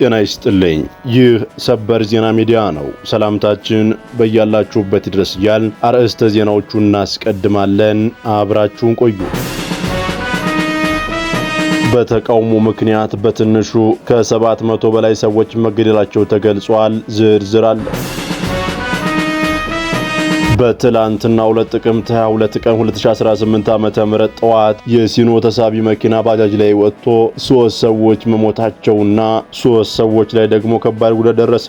ጤና ይስጥልኝ። ይህ ሰበር ዜና ሚዲያ ነው። ሰላምታችን በያላችሁበት ይድረስ እያል አርዕስተ ዜናዎቹን እናስቀድማለን። አብራችሁን ቆዩ። በተቃውሞ ምክንያት በትንሹ ከሰባት መቶ በላይ ሰዎች መገደላቸው ተገልጿል። ዝርዝር አለ። በትላንትና ሁለት ጥቅምት 22 ቀን 2018 ዓ.ም ጠዋት የሲኖ ተሳቢ መኪና ባጃጅ ላይ ወጥቶ ሶስት ሰዎች መሞታቸውና ሶስት ሰዎች ላይ ደግሞ ከባድ ጉዳት ደረሰ።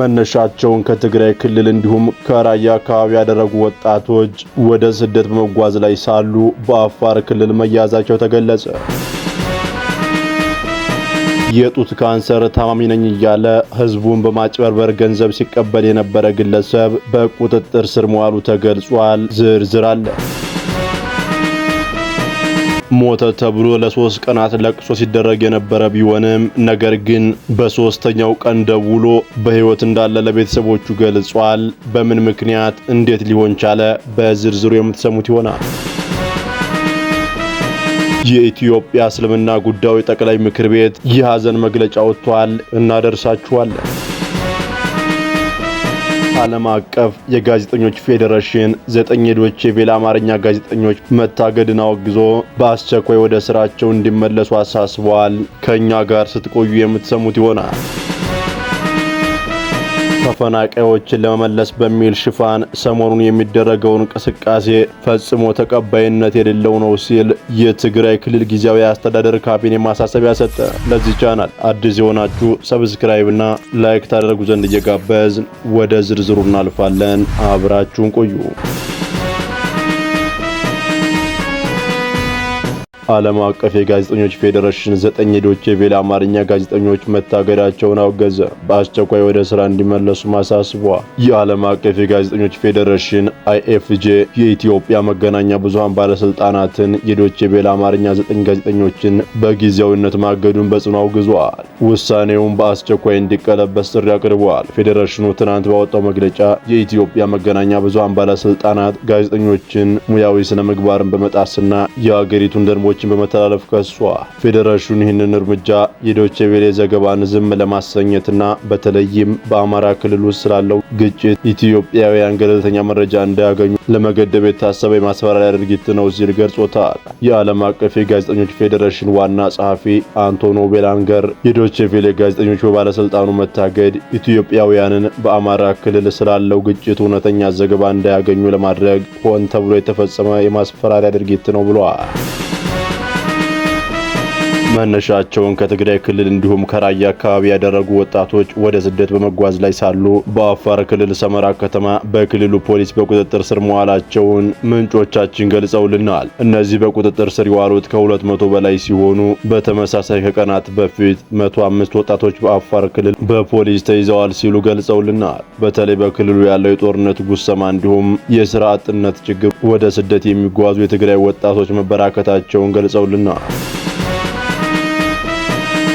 መነሻቸውን ከትግራይ ክልል እንዲሁም ከራያ አካባቢ ያደረጉ ወጣቶች ወደ ስደት በመጓዝ ላይ ሳሉ በአፋር ክልል መያዛቸው ተገለጸ። የጡት ካንሰር ታማሚ ነኝ እያለ ህዝቡን በማጭበርበር ገንዘብ ሲቀበል የነበረ ግለሰብ በቁጥጥር ስር መዋሉ ተገልጿል። ዝርዝር አለ። ሞተ ተብሎ ለሶስት ቀናት ለቅሶ ሲደረግ የነበረ ቢሆንም ነገር ግን በሶስተኛው ቀን ደውሎ በህይወት እንዳለ ለቤተሰቦቹ ገልጿል። በምን ምክንያት እንዴት ሊሆን ቻለ? በዝርዝሩ የምትሰሙት ይሆናል። የኢትዮጵያ እስልምና ጉዳዮች ጠቅላይ ምክር ቤት የሀዘን መግለጫ ወጥቷል። እናደርሳችኋለን። ዓለም አቀፍ የጋዜጠኞች ፌዴሬሽን ዘጠኝ የዶቼ ቬለ አማርኛ ጋዜጠኞች መታገድን አወግዞ በአስቸኳይ ወደ ስራቸው እንዲመለሱ አሳስበዋል። ከእኛ ጋር ስትቆዩ የምትሰሙት ይሆናል። ተፈናቃዮችን ለመመለስ በሚል ሽፋን ሰሞኑን የሚደረገው እንቅስቃሴ ፈጽሞ ተቀባይነት የሌለው ነው ሲል የትግራይ ክልል ጊዜያዊ አስተዳደር ካቢኔ ማሳሰቢያ ሰጠ። ለዚህ ቻናል አዲስ የሆናችሁ ሰብስክራይብና ላይክ ታደርጉ ዘንድ እየጋበዝን ወደ ዝርዝሩ እናልፋለን። አብራችሁን ቆዩ። ዓለም አቀፍ የጋዜጠኞች ፌዴሬሽን ዘጠኝ የዶቼ ቬለ አማርኛ ጋዜጠኞች መታገዳቸውን አወገዘ። በአስቸኳይ ወደ ስራ እንዲመለሱ አሳስቧል። የዓለም አቀፍ የጋዜጠኞች ፌዴሬሽን አይኤፍጄ የኢትዮጵያ መገናኛ ብዙሃን ባለስልጣናትን የዶቼ ቬለ አማርኛ ዘጠኝ ጋዜጠኞችን በጊዜያዊነት ማገዱን በጽኑ አውግዟል። ውሳኔውም በአስቸኳይ እንዲቀለበስ ጥሪ አቅርቧል። ፌዴሬሽኑ ትናንት ባወጣው መግለጫ የኢትዮጵያ መገናኛ ብዙሃን ባለስልጣናት ጋዜጠኞችን ሙያዊ ስነ ምግባርን በመጣስና የአገሪቱን ደንቦች መረጃዎችን በመተላለፍ ከሷ ፌዴሬሽኑ ይህንን እርምጃ የዶቼ ቬሌ ዘገባን ዝም ለማሰኘትና በተለይም በአማራ ክልል ውስጥ ስላለው ግጭት ኢትዮጵያውያን ገለልተኛ መረጃ እንዳያገኙ ለመገደብ የታሰበ የማስፈራሪያ ድርጊት ነው ሲል ገልጾታል። የዓለም አቀፍ የጋዜጠኞች ፌዴሬሽን ዋና ጸሐፊ አንቶኖ ቤላንገር የዶቼ ቬሌ ጋዜጠኞች በባለስልጣኑ መታገድ ኢትዮጵያውያንን በአማራ ክልል ስላለው ግጭት እውነተኛ ዘገባ እንዳያገኙ ለማድረግ ሆን ተብሎ የተፈጸመ የማስፈራሪያ ድርጊት ነው ብሏል። መነሻቸውን ከትግራይ ክልል እንዲሁም ከራያ አካባቢ ያደረጉ ወጣቶች ወደ ስደት በመጓዝ ላይ ሳሉ በአፋር ክልል ሰመራ ከተማ በክልሉ ፖሊስ በቁጥጥር ስር መዋላቸውን ምንጮቻችን ገልጸውልናል። እነዚህ በቁጥጥር ስር የዋሉት ከ መቶ በላይ ሲሆኑ በተመሳሳይ ከቀናት በፊት መቶ አምስት ወጣቶች በአፋር ክልል በፖሊስ ተይዘዋል ሲሉ ገልጸውልናል። በተለይ በክልሉ ያለው የጦርነት ጉሰማ እንዲሁም የስራ አጥነት ችግር ወደ ስደት የሚጓዙ የትግራይ ወጣቶች መበራከታቸውን ገልጸውልናል።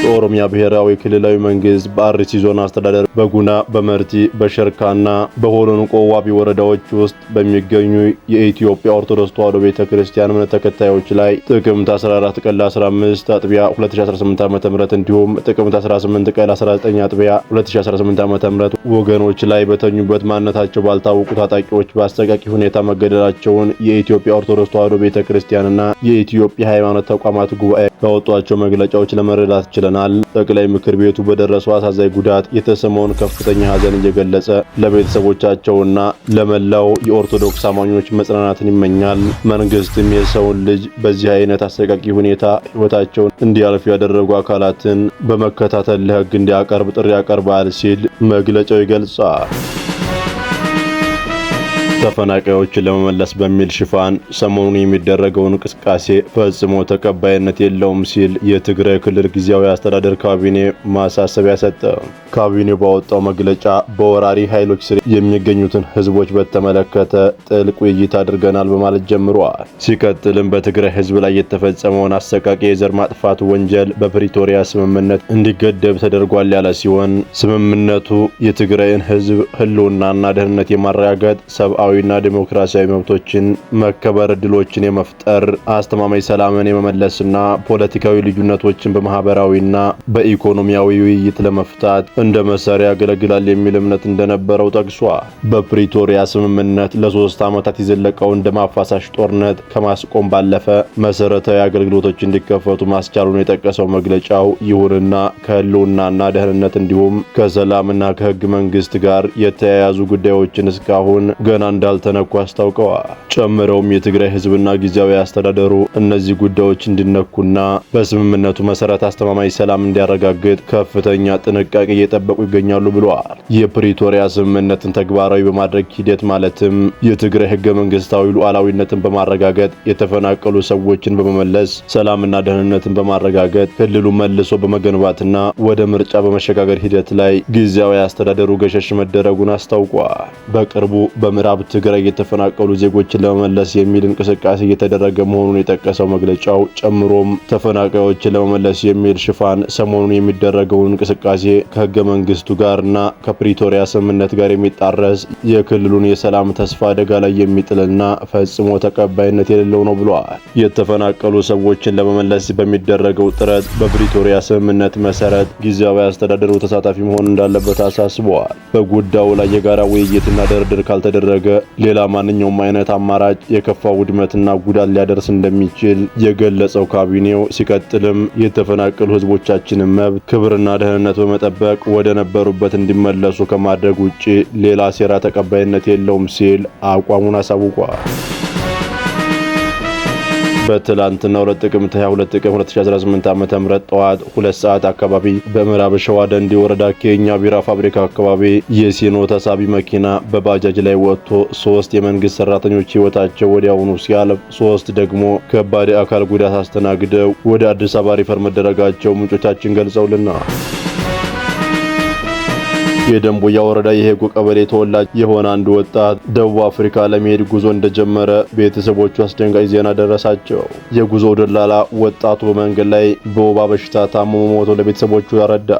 የኦሮሚያ ብሔራዊ ክልላዊ መንግስት በአርሲ ዞን አስተዳደር በጉና በመርቲ በሸርካና በሆሎንቆ ዋቢ ወረዳዎች ውስጥ በሚገኙ የኢትዮጵያ ኦርቶዶክስ ተዋህዶ ቤተ ክርስቲያን እምነት ተከታዮች ላይ ጥቅምት 14 ቀን 15 አጥቢያ 2018 ዓ.ም እንዲሁም ጥቅምት 18 ቀን 19 አጥቢያ 2018 ዓ.ም ወገኖች ላይ በተኙበት ማንነታቸው ባልታወቁ ታጣቂዎች በአሰቃቂ ሁኔታ መገደላቸውን የኢትዮጵያ ኦርቶዶክስ ተዋሕዶ ቤተ ክርስቲያንና የኢትዮጵያ ሃይማኖት ተቋማት ጉባኤ ባወጧቸው መግለጫዎች ለመረዳት ችለናል። ችለናል። ጠቅላይ ምክር ቤቱ በደረሰው አሳዛኝ ጉዳት የተሰማውን ከፍተኛ ሀዘን እየገለጸ ለቤተሰቦቻቸውና ለመላው የኦርቶዶክስ አማኞች መጽናናትን ይመኛል። መንግስትም የሰውን ልጅ በዚህ አይነት አሰቃቂ ሁኔታ ህይወታቸውን እንዲያልፉ ያደረጉ አካላትን በመከታተል ለህግ እንዲያቀርብ ጥሪ ያቀርባል ሲል መግለጫው ይገልጻል። ተፈናቃዮችን ለመመለስ በሚል ሽፋን ሰሞኑን የሚደረገውን እንቅስቃሴ ፈጽሞ ተቀባይነት የለውም ሲል የትግራይ ክልል ጊዜያዊ አስተዳደር ካቢኔ ማሳሰቢያ ሰጠ። ካቢኔው ባወጣው መግለጫ በወራሪ ኃይሎች ስር የሚገኙትን ህዝቦች በተመለከተ ጥልቅ ውይይት አድርገናል በማለት ጀምሯል። ሲቀጥልም በትግራይ ህዝብ ላይ የተፈጸመውን አሰቃቂ የዘር ማጥፋት ወንጀል በፕሪቶሪያ ስምምነት እንዲገደብ ተደርጓል ያለ ሲሆን ስምምነቱ የትግራይን ህዝብ ህልውናና ደህንነት የማረጋገጥ ሰብአዊ ሰብአዊና ዲሞክራሲያዊ መብቶችን መከበር እድሎችን የመፍጠር አስተማማኝ ሰላምን የመመለስና ፖለቲካዊ ልዩነቶችን በማህበራዊና በኢኮኖሚያዊ ውይይት ለመፍታት እንደ መሳሪያ ያገለግላል የሚል እምነት እንደነበረው ጠቅሷል። በፕሪቶሪያ ስምምነት ለሶስት ዓመታት የዘለቀውን ደም አፋሳሽ ጦርነት ከማስቆም ባለፈ መሰረታዊ አገልግሎቶች እንዲከፈቱ ማስቻሉን የጠቀሰው መግለጫው ይሁንና ከህልውናና ደህንነት እንዲሁም ከሰላምና ከህግ መንግስት ጋር የተያያዙ ጉዳዮችን እስካሁን ገና እንዳልተነኩ አስታውቀዋል። ጨምረውም የትግራይ ህዝብና ጊዜያዊ አስተዳደሩ እነዚህ ጉዳዮች እንዲነኩና በስምምነቱ መሰረት አስተማማኝ ሰላም እንዲያረጋግጥ ከፍተኛ ጥንቃቄ እየጠበቁ ይገኛሉ ብለዋል። የፕሪቶሪያ ስምምነትን ተግባራዊ በማድረግ ሂደት ማለትም የትግራይ ህገ መንግስታዊ ሉዓላዊነትን በማረጋገጥ የተፈናቀሉ ሰዎችን በመመለስ ሰላምና ደህንነትን በማረጋገጥ ክልሉ መልሶ በመገንባትና ወደ ምርጫ በመሸጋገር ሂደት ላይ ጊዜያዊ አስተዳደሩ ገሸሽ መደረጉን አስታውቋል። በቅርቡ በምዕራብ ትግራይ የተፈናቀሉ ዜጎችን ለመመለስ የሚል እንቅስቃሴ እየተደረገ መሆኑን የጠቀሰው መግለጫው ጨምሮም ተፈናቃዮችን ለመመለስ የሚል ሽፋን ሰሞኑን የሚደረገውን እንቅስቃሴ ከህገ መንግስቱ ጋርና ከፕሪቶሪያ ስምምነት ጋር የሚጣረስ የክልሉን የሰላም ተስፋ አደጋ ላይ የሚጥልና ፈጽሞ ተቀባይነት የሌለው ነው ብለዋል። የተፈናቀሉ ሰዎችን ለመመለስ በሚደረገው ጥረት በፕሪቶሪያ ስምምነት መሰረት ጊዜያዊ አስተዳደሩ ተሳታፊ መሆን እንዳለበት አሳስበዋል። በጉዳዩ ላይ የጋራ ውይይትና ድርድር ካልተደረገ ሌላ ማንኛውም አይነት አማራጭ የከፋ ውድመትና ጉዳት ሊያደርስ እንደሚችል የገለጸው ካቢኔው ሲቀጥልም የተፈናቀሉ ህዝቦቻችንን መብት ክብርና ደህንነት በመጠበቅ ወደ ነበሩበት እንዲመለሱ ከማድረግ ውጭ ሌላ ሴራ ተቀባይነት የለውም ሲል አቋሙን አሳውቋል። በትላንትና ሁለት ጥቅምት 22 ቀን 2018 ዓ.ም ጠዋት ሁለት ሰዓት አካባቢ በምዕራብ ሸዋ ደንዲ ወረዳ ኬኛ ቢራ ፋብሪካ አካባቢ የሲኖ ተሳቢ መኪና በባጃጅ ላይ ወጥቶ ሶስት የመንግስት ሰራተኞች ህይወታቸው ወዲያውኑ ሲያልፍ ሶስት ደግሞ ከባድ አካል ጉዳት አስተናግደው ወደ አዲስ አበባ ሪፈር መደረጋቸው ምንጮቻችን ገልጸውልናል። የደንቡያ ወረዳ የሄጎ ቀበሌ ተወላጅ የሆነ አንድ ወጣት ደቡብ አፍሪካ ለመሄድ ጉዞ እንደጀመረ ቤተሰቦቹ አስደንጋጭ ዜና ደረሳቸው። የጉዞ ደላላ ወጣቱ በመንገድ ላይ በወባ በሽታ ታሞ ሞቶ ለቤተሰቦቹ ያረዳ።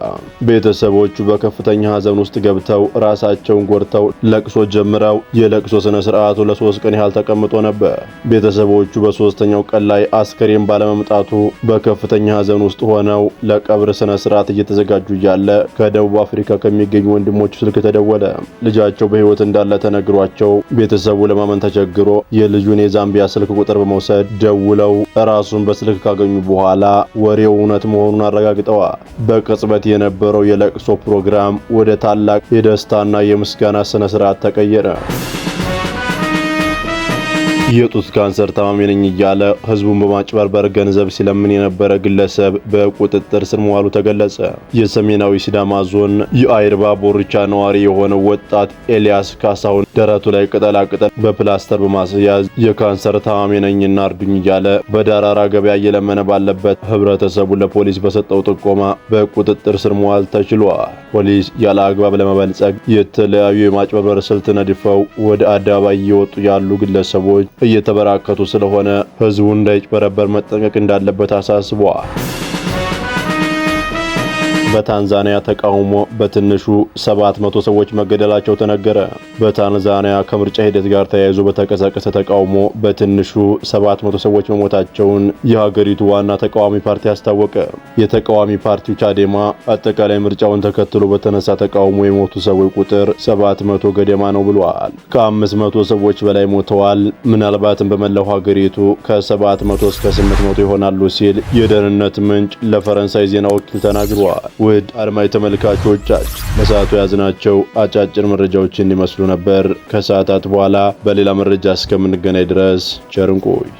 ቤተሰቦቹ በከፍተኛ ሀዘን ውስጥ ገብተው ራሳቸውን ጎድተው ለቅሶ ጀምረው የለቅሶ ስነ ስርዓቱ ለሶስት ቀን ያህል ተቀምጦ ነበር። ቤተሰቦቹ በሶስተኛው ቀን ላይ አስከሬን ባለመምጣቱ በከፍተኛ ሀዘን ውስጥ ሆነው ለቀብር ስነ ስርዓት እየተዘጋጁ እያለ ከደቡብ አፍሪካ ከሚገኙ ወንድሞቹ ስልክ ተደወለ። ልጃቸው በህይወት እንዳለ ተነግሯቸው ቤተሰቡ ለማመን ተቸግሮ የልጁን የዛምቢያ ስልክ ቁጥር በመውሰድ ደውለው ራሱን በስልክ ካገኙ በኋላ ወሬው እውነት መሆኑን አረጋግጠዋል። በቅጽበት የነበረው የለቅሶ ፕሮግራም ወደ ታላቅ የደስታና የምስጋና ስነ ስርዓት ተቀየረ። የጡት ካንሰር ታማሚ ነኝ እያለ ህዝቡን በማጭበርበር ገንዘብ ሲለምን የነበረ ግለሰብ በቁጥጥር ስር መዋሉ ተገለጸ። የሰሜናዊ ሲዳማ ዞን የአይርባ ቦርቻ ነዋሪ የሆነው ወጣት ኤልያስ ካሳሁን ደረቱ ላይ ቅጠላቅጠል በፕላስተር በማስያዝ የካንሰር ታማሚ ነኝና እርዱኝ እያለ በዳራራ ገበያ እየለመነ ባለበት ህብረተሰቡ ለፖሊስ በሰጠው ጥቆማ በቁጥጥር ስር መዋል ተችሏል። ፖሊስ ያለ አግባብ ለመበልጸግ የተለያዩ የማጭበርበር ስልት ነድፈው ወደ አደባባይ እየወጡ ያሉ ግለሰቦች እየተበራከቱ ስለሆነ ህዝቡ እንዳይጭበረበር መጠንቀቅ እንዳለበት አሳስቧል። በታንዛኒያ ተቃውሞ በትንሹ 700 ሰዎች መገደላቸው ተነገረ። በታንዛኒያ ከምርጫ ሂደት ጋር ተያይዞ በተቀሰቀሰ ተቃውሞ በትንሹ 700 ሰዎች መሞታቸውን የሀገሪቱ ዋና ተቃዋሚ ፓርቲ አስታወቀ። የተቃዋሚ ፓርቲው ቻዴማ አጠቃላይ ምርጫውን ተከትሎ በተነሳ ተቃውሞ የሞቱ ሰዎች ቁጥር 700 ገደማ ነው ብሏል። ከ500 ሰዎች በላይ ሞተዋል፣ ምናልባትም በመላው ሀገሪቱ ከ700 እስከ 800 ይሆናሉ ሲል የደህንነት ምንጭ ለፈረንሳይ ዜና ወኪል ተናግሯል። ውድ አድማጭ ተመልካቾቻችን ለሰዓቱ የያዝናቸው አጫጭር መረጃዎች እንዲመስሉ ነበር። ከሰዓታት በኋላ በሌላ መረጃ እስከምንገናኝ ድረስ ቸርንቆይ